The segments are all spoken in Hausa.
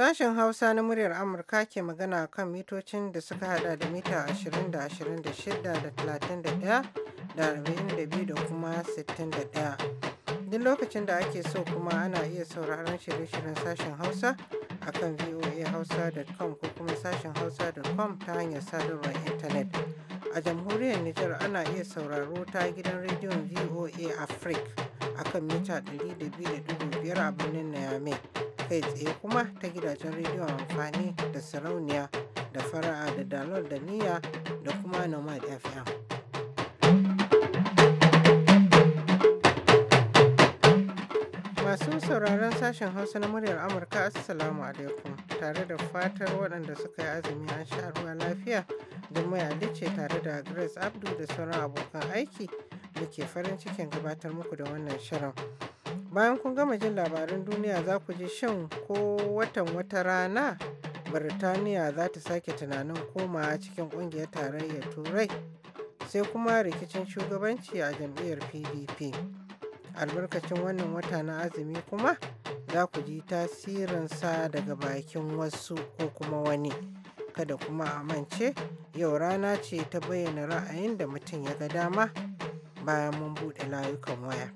Sashen Hausa na muryar Amurka ke magana kan mitocin da suka hada da mita 20 da 26 da 31 da 42 da kuma 61. Duk lokacin da ake so kuma ana iya sauraron shirye-shiryen sashen Hausa a kan voahausa.com ko kuma sashen hausa.com ta hanyar sadarwar intanet. A jamhuriyar Nijar ana iya sauraro ta gidan rediyon VOA Africa a kan mita 200.5 a birnin Niamey. kai tsaye kuma ta gidajen rediyon amfani da sarauniya da fara'a da dalar da niyya da kuma nomad fm masu sauraron sashen hausa na muryar amurka assalamu alaikum tare da fatar waɗanda suka yi azumi an sha ruwa lafiya da mai ce tare da grace abdu da sauran abokan aiki da ke farin cikin gabatar muku da wannan shirin Bayan kun gama jin labaran duniya za ku ji shan ko watan wata rana Birtaniya za ta sake tunanin koma cikin kungiyar tarayyar Turai sai kuma rikicin shugabanci a jam'iyyar PDP. Albarkacin wannan wata na azumi kuma za ku ji tasirinsa daga bakin wasu ko kuma wani. Kada kuma a mance yau rana ce ta bayyana ra'ayin da mutum ya ga dama bayan mun buɗe layukan waya.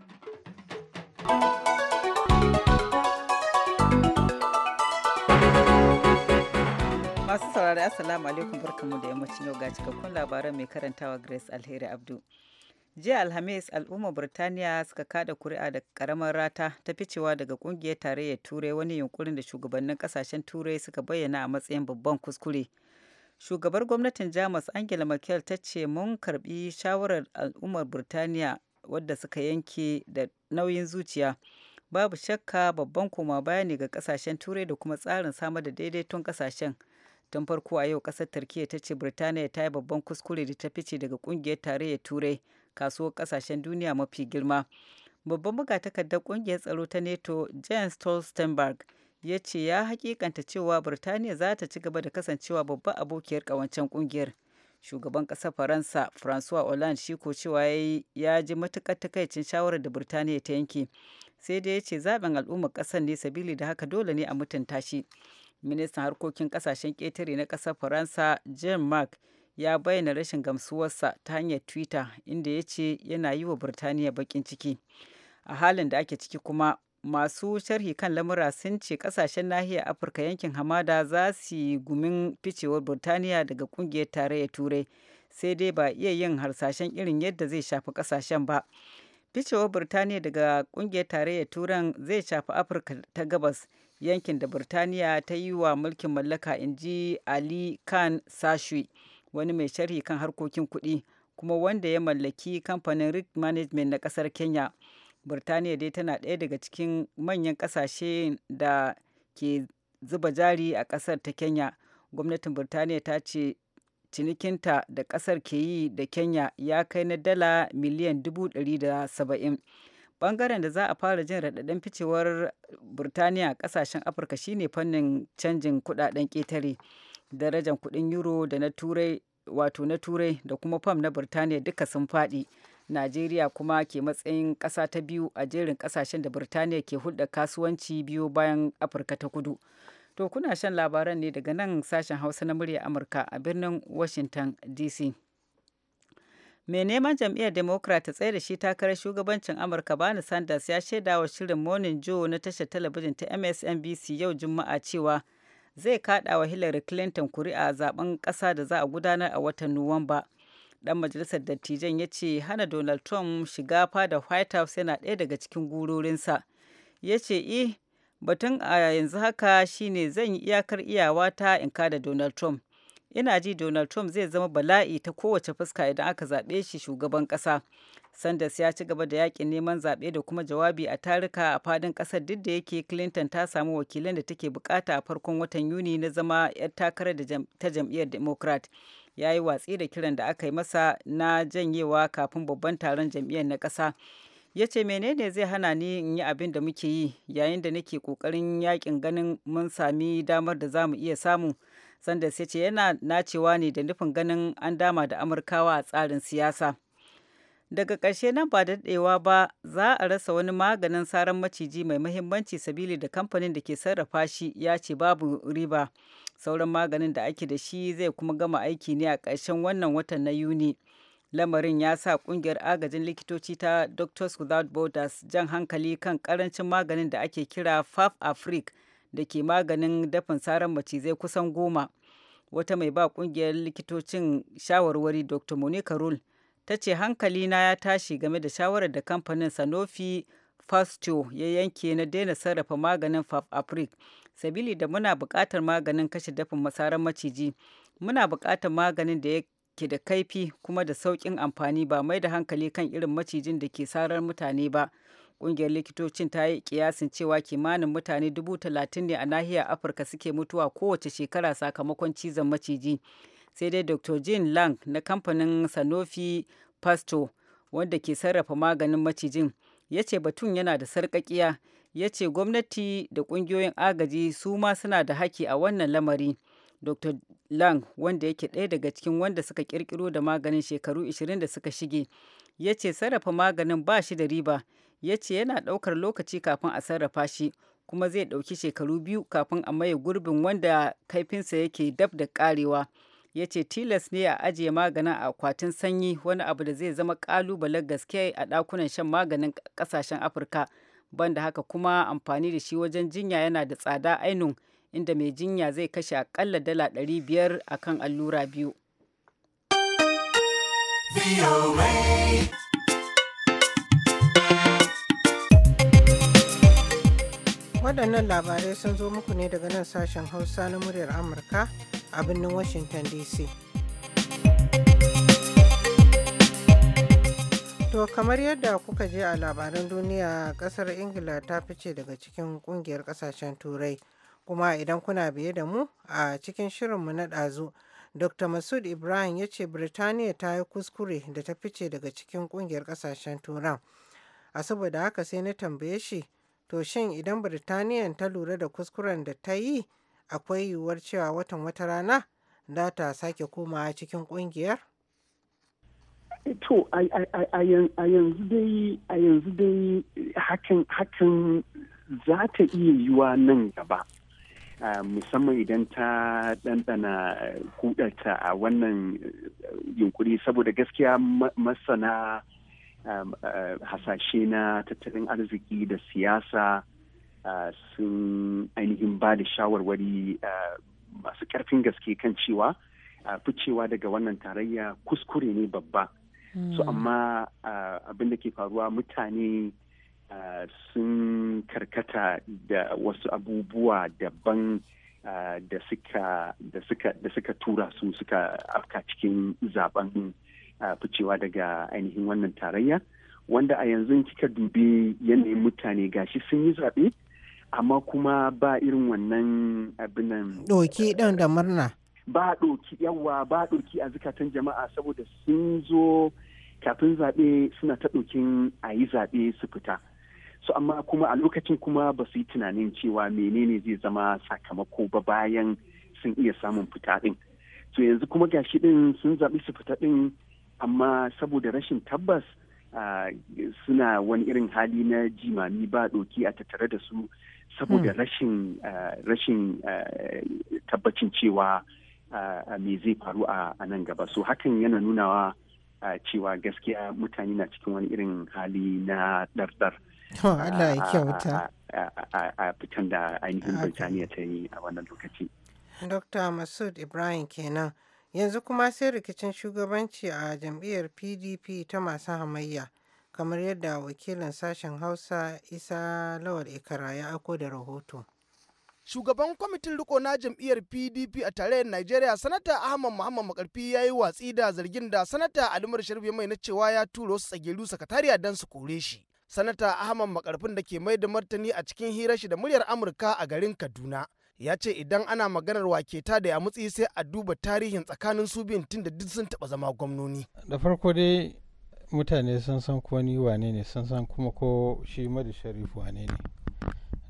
masu saurari assalamu alaikum barkamu da yammacin yau ga cikakkun labaran mai karantawa grace alheri abdu jiya alhamis al'ummar birtaniya suka kada kuri'a da karamar rata ta ficewa daga kungiyar tarayyar turai wani yunkurin da shugabannin kasashen turai suka bayyana a matsayin babban kuskure shugabar gwamnatin jamus angela merkel ta ce mun karbi shawarar al'ummar birtaniya wadda suka yanke da nauyin zuciya babu shakka babban koma baya ne ga kasashen turai da kuma tsarin samar da daidaiton kasashen tun farko a yau kasar turkiya ta ce birtaniya ta yi babban kuskure da ta fice daga kungiyar tarayyar turai kasuwar kasashen duniya mafi girma babban takardar kungiyar tsaro ta nato jens stoltenberg ya ce ya hakikanta cewa birtaniya za ta ci gaba da kasancewa babban abokiyar kawancen kungiyar shugaban ƙasar faransa francois hollande shi ko cewa ya ji matuƙar takaicin shawarar da birtaniya ta yanke sai dai ya ce zaben al'ummar ƙasar ne sabili da haka dole ne a mutunta shi ministan harkokin ƙasashen ƙetare na ƙasar faransa jean mark ya bayyana rashin gamsuwarsa ta hanyar twitter inda ya ce yana yi wa birtaniya baƙin ciki a halin da ake ciki kuma masu sharhi kan lamura sun ce kasashen nahiyar afirka yankin hamada za su yi gumin ficewar burtaniya daga kungiyar tarayyar turai sai dai ba iya yin harsashen irin yadda zai shafi kasashen ba ficewar burtaniya daga kungiyar tarayyar turan zai shafi afirka ta gabas yankin da burtaniya ta yi wa mulkin mallaka in ji ali khan sashui wani mai sharhi kan harkokin kuɗi kuma wanda ya mallaki kamfanin rick management na ƙasar kenya burtaniya dai tana ɗaya daga cikin manyan ƙasashe da ke zuba jari a ƙasar ta kenya gwamnatin burtaniya ta ce cinikinta da ƙasar ke yi da kenya ya kai na dala miliyan dubu da saba'in bangaren da za a fara jin raɗaɗin ficewar burtaniya a ƙasashen afirka shine fannin canjin kuɗaɗen ƙetare darajan kuɗin euro da na turai wato na turai da kuma fam na burtaniya duka sun faɗi Najeriya kuma ke matsayin ƙasa ta biyu a jerin ƙasashen da Birtaniya ke hulɗa kasuwanci biyu bayan Afirka ta kudu. To kuna shan labaran ne daga nan sashen Hausa na murya Amurka a birnin Washington DC. Mai neman jam'iyyar Democrat ta tsaye da shi takarar shugabancin Amurka bani Sanders ya shaida wa shirin Morning Joe na tashar talabijin ta MSNBC yau Juma'a cewa zai kaɗa wa Hillary Clinton kuri'a a zaben ƙasa da za a gudanar a watan Nuwamba. dan majalisar dattijan ya ce hana donald trump shiga fada white house yana ɗaya daga cikin gurorinsa ya ce eh batun a yanzu haka shine zan yi iyakar iyawa ta in kada donald trump ina ji donald trump zai zama bala'i ta kowace fuska idan aka zaɓe shi shugaban ƙasa sanders ya ci gaba da yakin neman zaɓe da kuma jawabi a tarika a fadin ƙasar duk da yake clinton ta samu wakilan da take bukata a farkon watan yuni na zama 'yar takarar ta jam'iyyar democrat ya yi watsi da kiran da aka yi masa na janyewa kafin babban taron jam'iyyar na ƙasa ya ce menene zai hana ni in yi abin da muke yi yayin da nake kokarin yakin ganin mun sami damar da za mu iya samu sanders ya ce yana nacewa ne da nufin ganin an dama da amurkawa a tsarin siyasa daga ƙarshe nan ba daɗewa ba za a rasa wani maganin saran maciji mai mahimmanci sabili da kamfanin da ke sarrafa shi ya ce babu riba sauran maganin da ake da shi zai kuma gama aiki ne a ƙarshen wannan watan na yuni lamarin ya sa ƙungiyar agajin likitoci ta doctors without borders jan hankali kan ƙarancin maganin da ake kira faf afric da ke maganin dafin saran macizai kusan goma wata mai ba kungiyar likitocin shawarwari dr monica rule ta ce hankalina ya tashi game da shawarar da kamfanin sanofi fasto ya yanke na daina sarrafa maganin afric sabili da muna buƙatar maganin kashe dafin masaran maciji muna buƙatar maganin da yake da kaifi kuma da sauƙin amfani ba mai da hankali kan irin macijin da ke sarar mutane ba Ƙungiyar likitocin ta yi kiyasin cewa kimanin mutane dubu talatin ne a nahiyar Afirka suke mutuwa kowace shekara sakamakon cizon maciji. Sai dai Dr. Jean Lang na kamfanin Sanofi pasto wanda ke sarrafa maganin macijin ya ce batun yana da sarƙaƙiya ya ce gwamnati da ƙungiyoyin agaji su ma suna da haki a wannan lamari. Dr. Lang wanda yake ɗaya daga cikin wanda suka kirkiro da maganin shekaru 20 da suka shige ya ce sarrafa maganin ba shi da riba ya ce yana ɗaukar lokaci kafin a sarrafa shi kuma zai ɗauki shekaru biyu kafin a maye gurbin wanda kaifinsa yake dab da ƙarewa ya ce tilas ne a ajiye maganin a akwatin sanyi wani abu da zai zama ƙalubale gaske a ɗakunan shan maganin ƙasashen afirka banda haka kuma amfani da shi wajen jinya yana da tsada ainun inda mai jinya zai kashe aƙalla dala 500 akan allura biyu. waɗannan labarai sun zo muku ne daga nan sashen hausa na muryar amurka a birnin washington dc to kamar yadda kuka je a labaran duniya ƙasar ingila ta fice daga cikin ƙungiyar ƙasashen turai kuma idan kuna biye da mu a cikin shirinmu na ɗazu dr masud ibrahim ya ce birtaniya ta yi kuskure da ta fice daga cikin ƙungiyar ƙasashen turan a saboda haka sai na tambaye shi To shin idan birtaniya ta lura da kuskuren da ta yi akwai yiwuwar cewa watan wata rana za ta sake koma cikin kungiyar? Eh, to a yanzu dai eh, hakan hakan za ta iya yiwa nan gaba. Ah, musamman idan ta ɗanɗana eh, kudarta a wannan yunkuri saboda gaskiya masana Um, uh, hasashe na tattalin arziki da siyasa uh, sun ainihin ba da shawarwari uh, masu karfin gaske kan cewa ficewa daga wannan tarayya kuskure ne babba so hmm. amma abin da ke faruwa mutane sun karkata da wasu abubuwa daban da suka tura su suka afka cikin zaben ficewa daga ainihin wannan tarayya wanda a yanzu kika dubi yanayin mutane gashi sun yi zaɓe amma kuma ba irin wannan abin nan ɗoki ɗan da murna ba ɗoki yawa ba doki a zukatan jama'a saboda sun zo kafin zaɓe suna ta ɗokin a yi zaɓe su fita su so, amma kuma a lokacin kuma ba su yi tunanin cewa menene zai zama sakamako ba bayan sun iya samun fita ɗin to yanzu kuma gashi din sun zaɓi su fita ɗin amma saboda rashin tabbas suna wani irin hali na jimami ba ɗoki a tattare da su saboda hmm. rashin rashin tabbacin cewa me zai faru a nan gaba so hakan yana nunawa cewa gaskiya mutane na cikin wani irin hali na ɗarɗar. Allah kyauta. A fitan da ainihin Birtaniya ta yi a wannan lokaci. Dr. Masud Ibrahim kenan. Yanzu kuma sai rikicin shugabanci a jam'iyyar PDP ta masu hamayya, kamar yadda wakilin sashen Hausa Isa Lawal Ikara ya ako da rahoto. shugaban kwamitin riko na jam'iyyar pdp a tarayyar najeriya sanata ahmad muhammad makarfi ya yi watsi da zargin da sanata alimar sharif mai na cewa ya turo wasu tsagiru sakatariya don su kore shi sanata ahmad makarfin da ke mai da martani a cikin hirar shi da muryar amurka a garin kaduna ya ce idan ana maganar waketa da ya mutsi sai a duba tarihin tsakanin su biyun tun da duk sun taɓa zama gwamnoni da farko dai mutane sun san ko ni wane ne sun san kuma ko shi madu sharif wane ne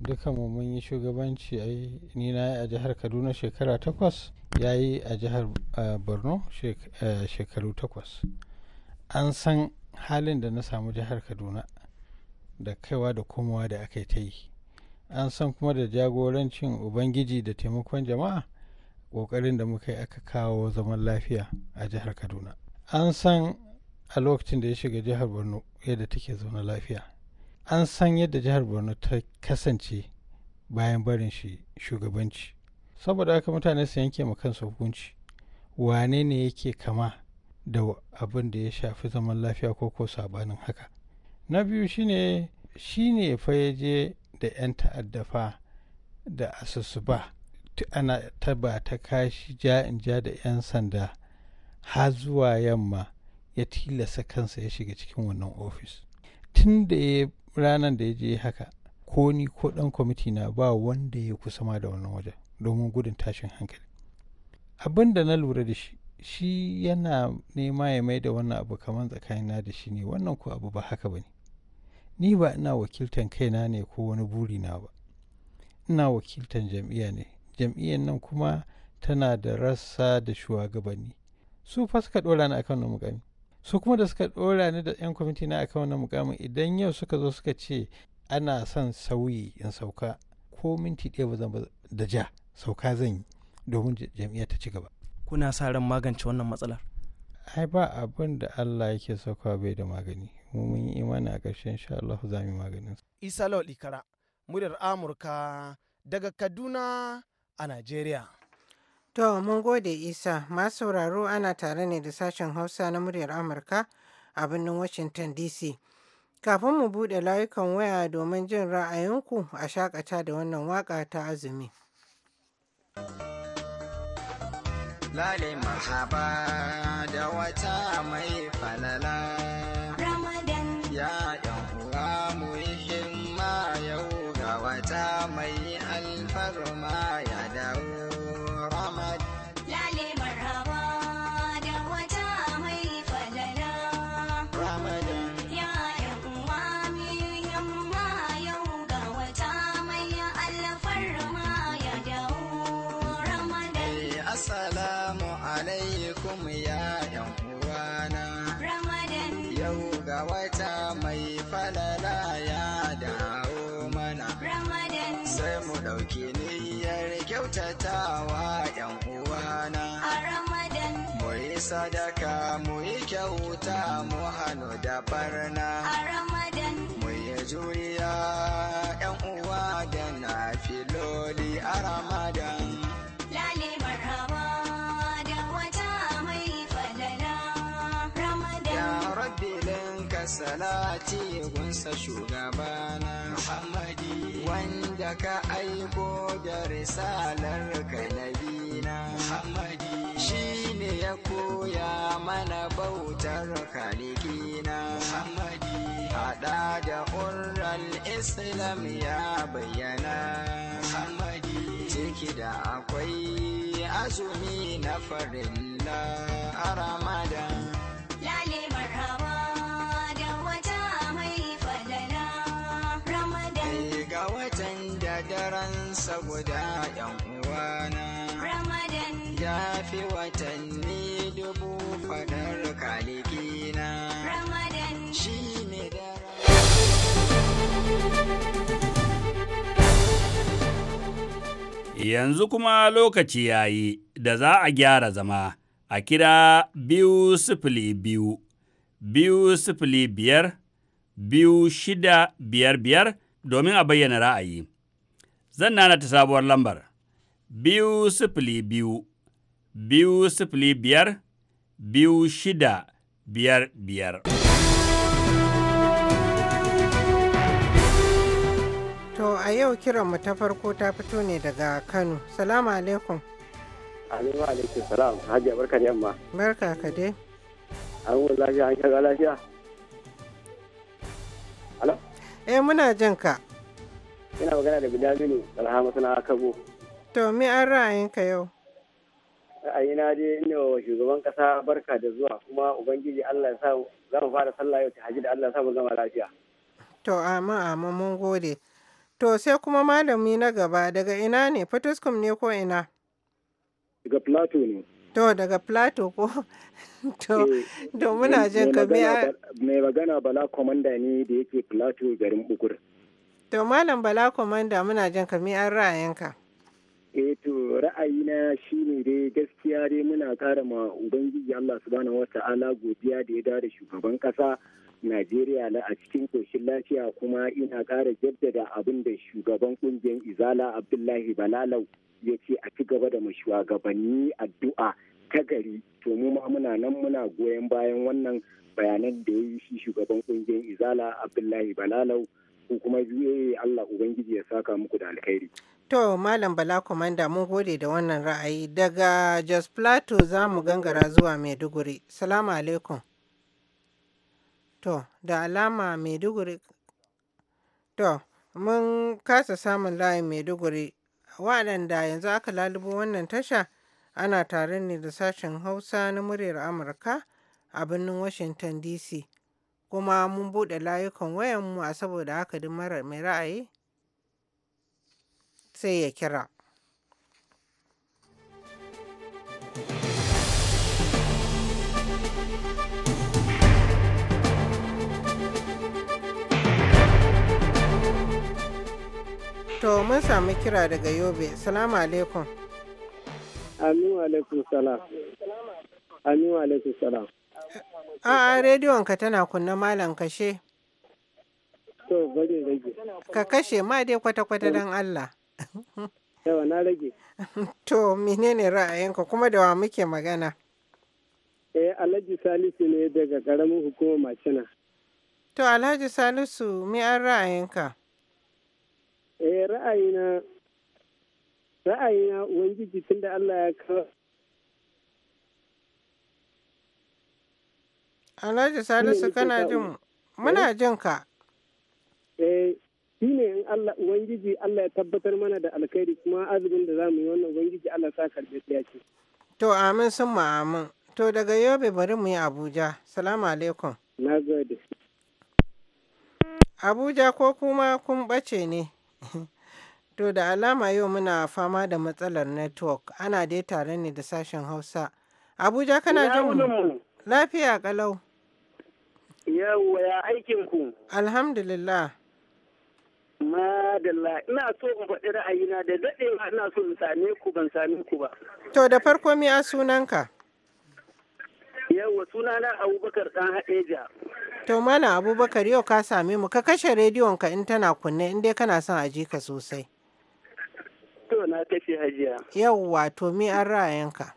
dukanmu mun yi shugabanci a ni na a jihar kaduna shekara takwas ya yi a jihar borno shekaru takwas an san halin da na samu jihar kaduna da kaiwa da komowa da aka yi ta yi an san kuma da jagorancin ubangiji da taimakon jama'a ƙoƙarin da muka yi aka kawo zaman lafiya a jihar kaduna an san a lokacin da ya shiga jihar borno yadda take zaune lafiya an san yadda jihar borno ta kasance bayan barin shi shugabanci saboda haka mutane su yanke ma kansu hukunci wane ne yake kama da abin da ya shafi zaman lafiya ko ko sabanin haka na biyu shine shine fa ya je da 'yan ta'adda fa da asusu ba ana taba ta kashi ja in ja da 'yan sanda har zuwa yamma ya tilasa kansa ya shiga cikin wannan ofis tun da ya ranar da ya je haka ko ni ko dan kwamiti na ba wanda ya kusa ma da wannan wajen domin gudun tashin hankali abin da na lura da shi shi yana nema ya mai da wannan abu kamar tsakanina da shi ne wannan ko abu ba haka ba ne ni ba ina wakiltan kaina ne ko wani buri na ba ina wakiltan jam'iyya ne jam'iyyar nan kuma tana da rassa da shugabanni su fa suka dora ni akan mukami su kuma da suka dora ni da yan kwamiti na akan wannan mukami? idan yau suka zo suka ce ana son sauyi in sauka ko minti ɗaya ba zan da ja sauka zan yi domin jam'iyyar ta ci gaba kuna sa ran magance wannan matsalar ai ba abin da Allah yake sauka bai da magani kuma mun yi imani a ƙarshe insha Allah za mu yi maganin su. Isa Lawal Ikara, muryar Amurka daga Kaduna a Najeriya. To, mun gode Isa, masu sauraro ana tare ne da sashen Hausa na muryar Amurka a birnin Washington DC. Kafin mu buɗe layukan waya domin jin ra'ayinku a shakata da wannan waka ta azumi. Lale mahaba da wata mai Assalamu alaikum ya ‘yan uwana. Ramadan. Yau ga wata mai falala ya dawo mana. Ramadan. Sai mu ɗauki niyyar kyautatawa ‘yan uwana. A Ramadan. Mu yi sadaka mu yi kyauta mu hannu da barna. A Ramadan. Mu yi juriya ‘yan uwa da na filoli a Ramadan. ce gunsa shugabana Muhammadi wanda ka aiko da risalar ka bina Muhammadi shi ne ya koya mana bautar kalikina Muhammadi hada da urral Islam ya bayyana Muhammadi ciki da akwai azumi na farin a Ramadan saboda yan uwana Ramadan ya fi watanni dubu fadar kalikina Ramadan shi ne da Yanzu kuma lokaci ya yi da za a gyara zama a kira biyu sifili biyu, biyu sifili biyar, biyu shida biyar biyar domin a bayyana ra'ayi. Zan nana ta sabuwar lambar biyu sifili biyu, biyu sifili biyar, biyu shida biyar biyar. To a yau kiranmu ta farko ta fito ne daga Kano. Salamu alaikum. Alaikum alaikum salam. Hajiya barka da yamma. Barka ka dai. An wuri lafiya an shaga lafiya. Alo? Eh muna jin ka. Ina magana da Bilaminu alhama suna Akabo. To me an ra'ayinka yau? Ra'ayina dai ina wa shugaban kasa barka da zuwa kuma Ubangiji Allah ya sa za mu fara sallah yau ta haji da Allah ya sa mu zama lafiya. To amin amin mun gode. To sai kuma malami na gaba daga ina ne Fatuskum ne ko ina? Daga Plato ne. To daga Plato ko? Eh, to muna jin ka Mai magana Bala Komanda ne da yake Plato garin Bukur. To Malam Bala Komanda muna jin ka an ra'ayinka. e to ra'ayina ne dai gaskiya dai muna kara ma Ubangiji Allah subhanahu ta'ala godiya da ya dada shugaban kasa Najeriya na a cikin koshin lafiya kuma ina kara jaddada abin da shugaban kungiyar Izala Abdullahi Balalau ya ce a ci gaba da shugabanni addu'a ta gari to mu ma muna nan muna goyon bayan wannan bayanan da ya yi shi shugaban kungiyar Izala Abdullahi Balalau ko kuma VOA eh, Allah Ubangiji ya saka muku da alkhairi. To Malam Bala Komanda mun gode da wannan ra'ayi daga Jos Plateau za mu gangara zuwa Maiduguri. Salamu alaikum. To da alama Maiduguri to mun kasa samun layin Maiduguri waɗanda yanzu aka lalubo wannan tasha ana tare ne da sashen Hausa na muryar Amurka a birnin Washington DC. kuma mun buɗe layukan wayanmu a saboda haka duk mara mai ra'ayi sai ya kira. To mun sami kira daga Yobe. Salamu alaikum. Aminu alaikum salam. Aminu alaikum salam. A'a rediyon ka tana kunna malam kashe. To bari rage. Ka kashe ma dai kwata-kwata don Allah. Yawa na rage. To menene ra'ayinka kuma da wa muke magana? Eh Alhaji Salisu ne daga karamin hukumar Macina. To Alhaji Salisu me an ra'ayinka? Eh ra'ayina ra'ayina tun tunda Allah ya kawo Alhaji Salisu kana jin muna eh? jin ka. Eh shi ne in Allah Ubangiji Allah ya tabbatar mana da alkhairi kuma azumin da za mu yi wannan Ubangiji Allah sa karbe ya ce. To amin sun amin. To daga Yobe bari mu yi Abuja. Salamu alaikum. Na gode. Abuja ko kuma kun bace ne. to da alama yau muna fama da matsalar network ana dai tare ne da sashen Hausa. Abuja kana jin mu? Lafiya galau Yawwa ya aikin ku. Alhamdulillah. Madalla ina so in faɗi ra'ayina da daɗewa ina so in same ku ban same ku ba. To da farko mi a sunanka? Yawwa sunana Abubakar ɗan Haɗeja. To mana Abubakar yau ka same mu ka kashe rediyon ka in tana kunne in dai kana son a ji ka sosai. To na kashe hajiya. Yawwa to mi an ra'ayinka?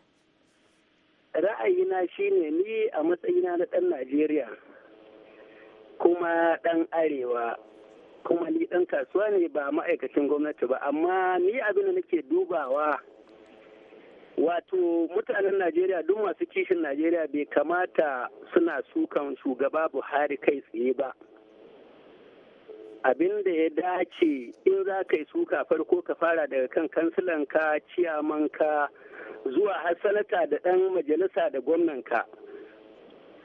ra'ayina shine ni a matsayina na ɗan najeriya kuma ɗan arewa kuma ni ɗan kasuwa ne ba ma'aikacin gwamnati ba amma ni abin da nake dubawa wato mutanen najeriya duk masu kishin najeriya bai kamata suna sukan shugaba buhari kai tsaye ba abin da ya dace in za ka yi suka farko ka fara daga kan kansilanka ciyamanka zuwa har sanata da ɗan majalisa da gwamnanka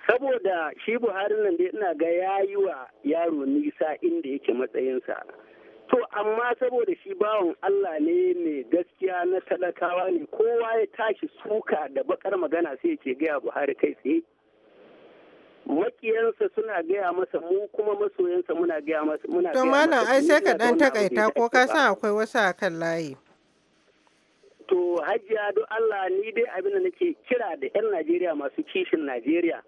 saboda shi buhari nan dai ina ga ya yi wa yaro nisa inda yake matsayinsa to amma saboda shi bawan allah ne mai gaskiya na talakawa ne kowa ya tashi suka da bakar magana sai ya gaya buhari kai tsaye makiyansa suna gaya masa mu kuma masoyansa muna gaya masa muna to malam ai sai ka dan takaita ko ka san akwai wasu akan layi to hajiya don Allah ni dai abin da nake kira da yan Najeriya masu kishin Najeriya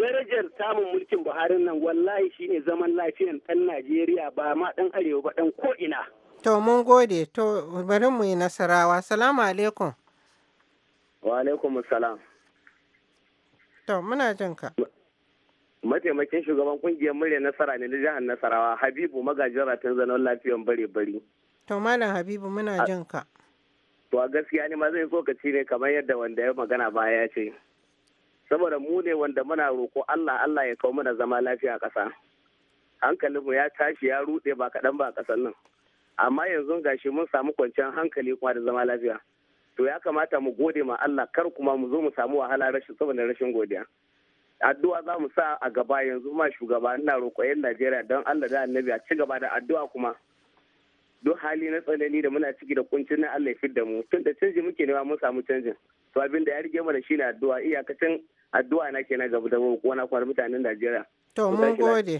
darajar samun mulkin Buhari nan wallahi shine zaman lafiyan dan Najeriya ba ma dan arewa ba dan ko ina to mun gode to bari mu yi nasarawa salamu alaikum wa alaikum salam To muna jin ka. Mataimakin shugaban kungiyar murya nasara ne na jihar Nasarawa Habibu magajin ratin zanen lafiyan bare bari. To malam Habibu muna jin ka. To a gaskiya ne ma zai tsokaci ne kamar yadda wanda ya magana baya ya ce. Saboda mu ne wanda muna roko Allah Allah ya kawo mana zama lafiya a ƙasa. Hankalinmu ya tashi ya ruɗe ba kaɗan ba a ƙasar nan. Amma yanzu gashi mun samu kwanciyar hankali kuma da zama lafiya. to ya kamata mu gode ma Allah kar kuma mu zo mu samu wahala rashin saboda rashin godiya addu'a za mu sa a gaba yanzu ma shugaba ina roƙo yan Najeriya don Allah da Annabi a ci gaba da addu'a kuma duk hali na tsanani da muna ciki da kuncin na Allah ya fidda mu tun da canji muke nema mun samu canjin to abin da ya rige mana shine addu'a iyakacin addu'a na kenan gaba da kuma na kwar mutanen Najeriya to mun gode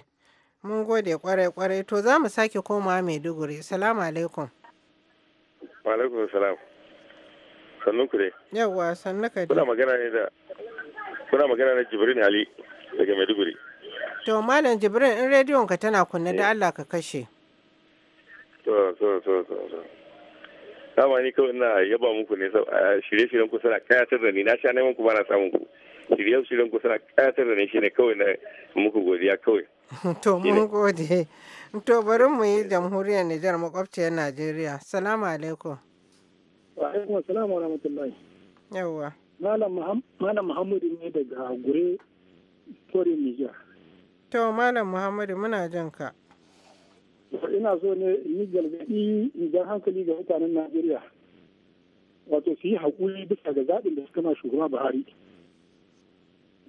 mun gode kwarai kwarai to za mu sake komawa Maiduguri assalamu alaikum wa alaikum salam sannu ku dai yawa sannu ka kuna magana ne da kuna magana da jibrin ali daga maiduguri to malam jibrin in rediyon ka tana kunne da eh. allah ka kashe to to to to dama ni kawai ina yaba muku ne shirye-shiryen ku suna kayatar da ni na sha neman ku ba na samun ku shirye-shiryen ku suna kayatar da ni shine kawai na muku godiya kawai to mun gode to bari mu yi jamhuriyar Nijar makwabciyar Najeriya salamu alaikum Wa alaikum assalam wa rahmatullahi. Yawwa. Malam Muhammadu ne daga Gure, Tori Nijar. To Malam Muhammadu muna jan ka. Ina so ne yi gargaɗi idan hankali ga mutanen Najeriya. Wato su yi haƙuri bisa ga zaɓin da suka shugaba Buhari.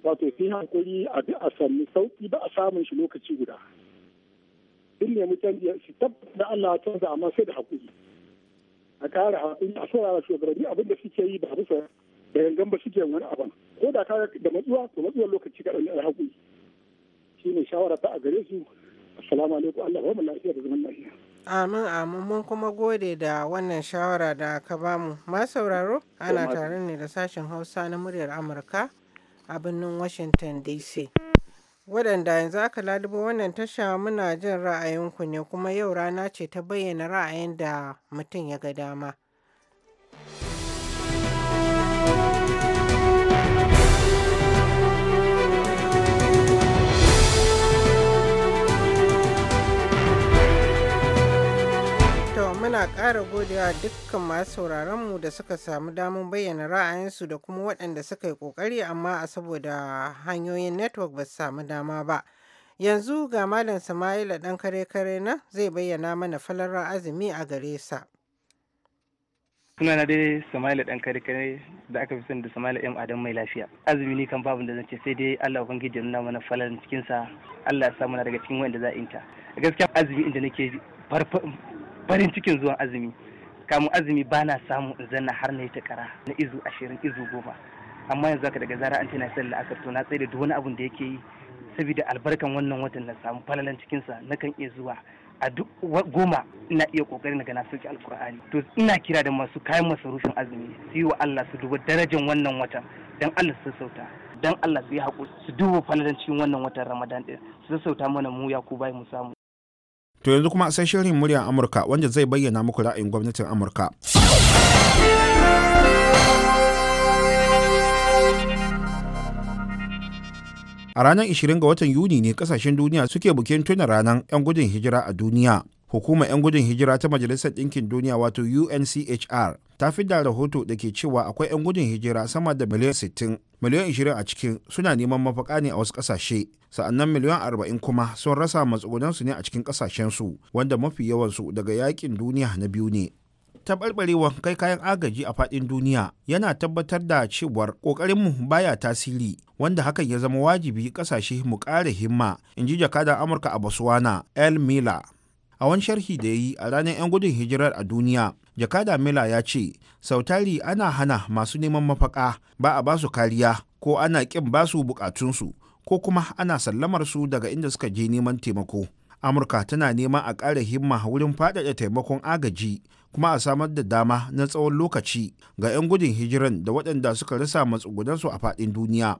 Wato su yi haƙuri a bi a sami sauƙi ba a samun shi lokaci guda. Sun nemi canji su tabbata da Allah canza amma sai da haƙuri. a kare haƙuri a saurara shugabanni abin da suke yi ba bisa da yangan ba suke wani abin ko da ka da matsuwa to matsuwar lokaci kaɗan da haƙuri ne shawara ta a gare su assalamu alaikum Allah ba mu lafiya da zaman lafiya amin amin mun kuma gode da wannan shawara da ka bamu ma sauraro ana tare ne da sashen hausa na muryar amurka a birnin washington dc Waɗanda yanzu aka lalubo wannan tasha muna jin ra'ayinku ne kuma yau rana ce ta bayyana ra'ayin da mutum ya ga dama. muna ƙara godewa dukkan masu sauraronmu da suka samu damar bayyana ra'ayinsu da kuma waɗanda suka yi ƙoƙari amma a saboda hanyoyin network ba su samu dama ba. Yanzu ga Malam Sama'ila ɗan kare-kare na zai bayyana mana falar azumi a gare sa. sunana dai Sama'ila ɗan kare-kare da aka fi sani da Sama'ila M Adam mai lafiya. Azumi ne kan babu da zan ce sai dai Allah ubangiji ya nuna mana falar cikin sa Allah ya samu muna daga cikin wanda za a inta. Gaskiya azumi inda nake farin cikin zuwa azumi kamu azumi ba na samu in zanna har na yi ta kara na izu ashirin izu goma amma yanzu haka daga zara an ce na sallar asar to na tsaye da duk wani abun da yake yi saboda albarkan wannan watan na samu falalan cikinsa na kan iya zuwa a duk goma ina iya kokari na gana sauki alkur'ani to ina kira da masu kayan masarufin azumi su yi wa Allah su duba darajar wannan watan dan Allah su sauta dan Allah su yi haƙuri su duba falalan cikin wannan watan Ramadan din su sauta mana mu ya ku bai mu samu To yanzu kuma sai shirin murya Amurka wanda zai bayyana muku ra'ayin gwamnatin Amurka. A ranar 20 ga watan Yuni ne kasashen duniya suke bukin tuna ranar 'yan gudun hijira a duniya. Hukumar 'yan gudun hijira ta Majalisar Ɗinkin Duniya wato UNCHR ta fi da rahoto da ke cewa akwai 'yan gudun hijira sama da miliyan 60, miliyan 20 a cikin suna neman mafaka ne a wasu ƙasashe. sa'annan miliyan arba'in kuma sun rasa matsugunansu ne a cikin kasashensu wanda mafi yawansu daga yakin duniya na biyu ne taɓarɓarewar kai kayan agaji a faɗin duniya yana tabbatar da cewar ƙoƙarinmu baya tasiri wanda hakan ya zama wajibi ƙasashe mu ƙara himma in ji jakadan amurka a botswana el mila a wani sharhi da ya yi a ranar 'yan gudun hijirar a duniya jakada mila ya ce sautari ana hana masu neman mafaka ba a basu kariya ko ana ƙin basu bukatunsu ko kuma ana sallamar su daga inda suka je neman taimako amurka tana nema a ƙara himma wurin faɗaɗa taimakon agaji kuma a samar da dama na tsawon lokaci ga 'yan gudun hijiran da waɗanda suka rasa matsugudansu a faɗin duniya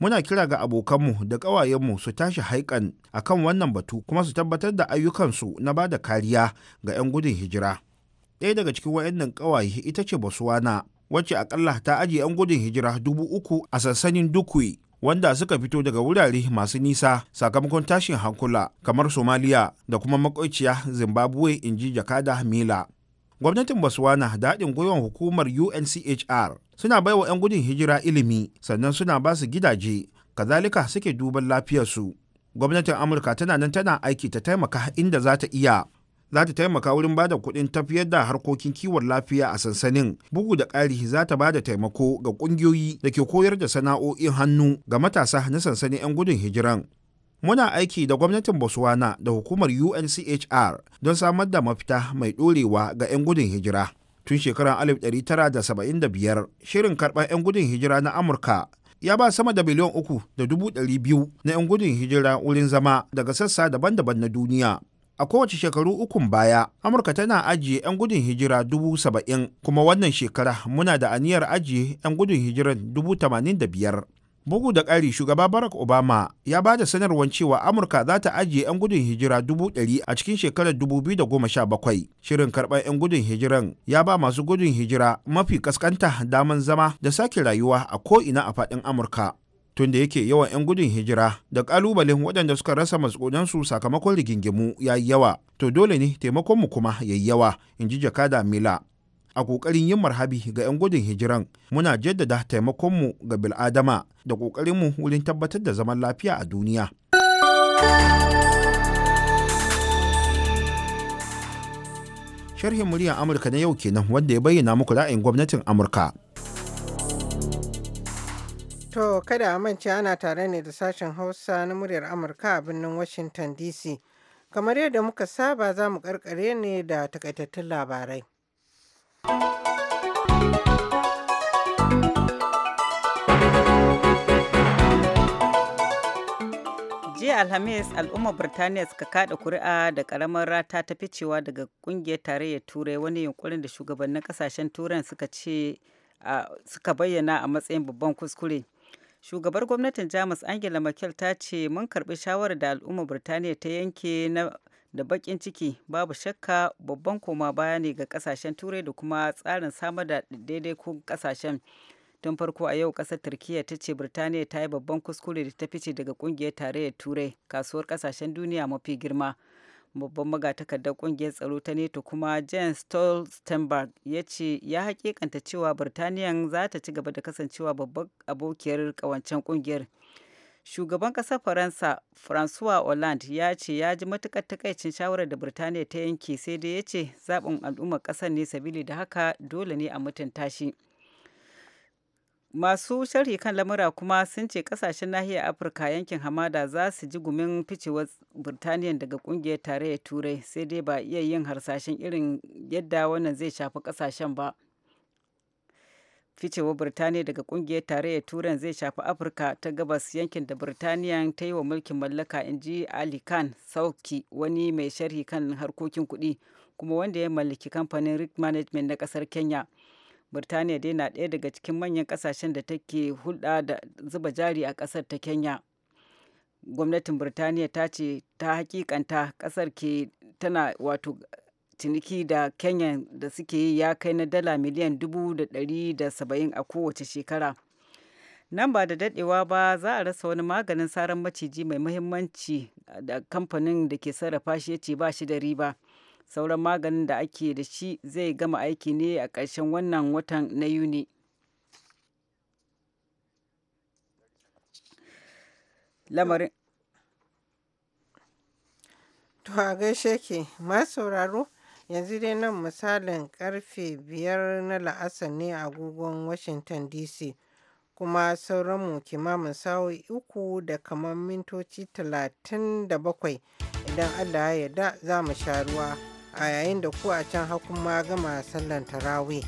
muna kira ga abokanmu da ƙawayenmu su tashi haikan a kan wannan batu kuma su tabbatar da ayyukansu na ba da kariya ga 'yan gudun hijira ɗaya daga cikin wayannan ƙawaye ita ce botswana wacce akalla ta ajiye 'yan gudun hijira dubu uku a sansanin dukwe. wanda suka fito daga wurare masu nisa sakamakon tashin hankula kamar somaliya da kuma makwabciya zimbabwe in ji jakada mila gwamnatin botswana daɗin gwiwan hukumar unchr suna baiwa 'yan gudun hijira ilimi sannan suna ba su gidaje kazalika suke duban lafiyarsu gwamnatin amurka tana nan tana aiki ta taimaka inda za ta iya za ta taimaka wurin bada kuɗin tafiyar da harkokin kiwon lafiya a sansanin bugu da ƙari za ta bada taimako ga ƙungiyoyi da ke koyar da sana'o'in hannu ga matasa na sansanin 'yan gudun hijiran muna aiki da gwamnatin botswana da hukumar unchr don samar da mafita mai ɗorewa ga 'yan gudun hijira tun shekarar 1975 shirin karɓar 'yan gudun hijira na amurka ya ba sama da biliyan uku da dubu biyu na 'yan gudun hijira wurin zama daga sassa daban-daban na duniya a kowace shekaru ukun baya amurka tana ajiye 'yan gudun hijira dubu saba'in kuma wannan shekara muna da aniyar ajiye 'yan gudun hijiran dubu tamanin da biyar bugu da ƙari shugaba barack obama ya ba da sanarwar cewa amurka za ta ajiye 'yan gudun hijira dubu ɗari a cikin shekarar dubu biyu da goma sha bakwai shirin karɓar 'yan gudun hijiran ya ba masu gudun hijira mafi kaskanta daman zama da sake rayuwa a ko'ina a faɗin amurka tunda yake yawan 'yan gudun hijira da kalubalen waɗanda suka rasa matsugunansu sakamakon rigingimu ya yi yawa to dole ne taimakonmu kuma ya yi yawa in ji jakada mila a ƙoƙarin yin marhabi ga 'yan gudun hijiran muna jaddada taimakonmu ga bil'adama da ƙoƙarinmu wurin tabbatar da zaman lafiya a duniya sharhin muryar amurka na yau kenan wanda ya bayyana muku ra'ayin gwamnatin amurka To kada a mance ana tare ne da sashen Hausa na muryar Amurka a birnin Washington DC. Kamar yadda muka saba za mu karkare ne da takaitattun labarai. jiya alhamis al'ummar birtaniya suka kada kuri'a da karamar rata ta ficewa daga kungiyar tarayyar turai wani yunkurin da shugabannin kasashen turai suka ce suka bayyana a matsayin babban kuskure shugabar gwamnatin jamus angela merkel ta ce mun karbi shawarar da al'ummar birtaniya ta yanke na da bakin ciki babu shakka babban koma baya ne ga kasashen turai da kuma tsarin samar da daidai ko kasashen tun farko a yau kasar turkiya ta ce birtaniya ta yi babban kuskure da ta fice daga kungiyar tarayyar turai kasuwar kasashen duniya mafi girma babban magatakardar kungiyar tsaro ta neto kuma Jens stoltenberg ya ce ya hakikanta cewa birtaniya za ta ci gaba da kasancewa babban abokiyar kawancen kungiyar shugaban ƙasar faransa francois hollande ya ce ya ji matukar takaicin shawarar da birtaniya ta yanke sai dai ya ce zaɓin al'ummar ƙasar ne sabili da haka dole ne a mutunta shi masu sharhi kan lamura kuma sun ce kasashen nahiyar afirka yankin hamada za su ji gumin ficewar birtaniya daga kungiyar tarayyar turai sai dai ba iya yin harsashen irin yadda wannan zai shafi kasashen ba ficewar birtaniya daga kungiyar tarayyar turai zai shafi afirka ta gabas yankin da birtaniya ta yi wa mulkin mallaka in ji ali khan sauki wani mai sharhi kan harkokin kuɗi kuma wanda ya mallaki kamfanin rick management na ƙasar kenya Birtaniya dai na ɗaya daga cikin manyan ƙasashen da take hulɗa da zuba jari a ƙasar ta Kenya. Gwamnatin Birtaniya ta ce ta hakikanta ƙasar ke tana wato ciniki da Kenya da suke yi ya kai na dala miliyan dubu da ɗari da saba'in a kowace shekara. Nan ba da daɗewa ba za a rasa wani maganin saran maciji mai muhimmanci da kamfanin da ke sarrafa shi ya ce ba shi da riba. Sauran maganin da ake da shi zai gama aiki ne a ƙarshen wannan watan na Yuni. Lamarin. To a gaishe ke, ma sauraro. yanzu dai nan misalin karfe biyar na la'asar ne a agogon washington dc kuma sauran mu kimamin sa'o'i uku da kamar mintoci talatin da bakwai idan allah ya yarda za mu sha ruwa a yayin da ku a can hakun ma gama sallan tarawe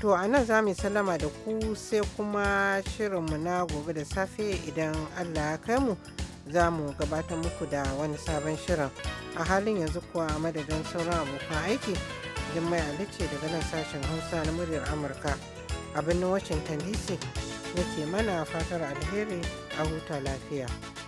to a nan za mu sallama da ku sai kuma shirinmu na gobe da safe idan allah ya kai mu za mu gabatar muku da wani sabon shirin a halin yanzu kuwa a madadin sauran abokan aiki jimmai alice daga nan sashen hausa na muryar amurka a birnin washington dc nake mana fatar alheri a huta lafiya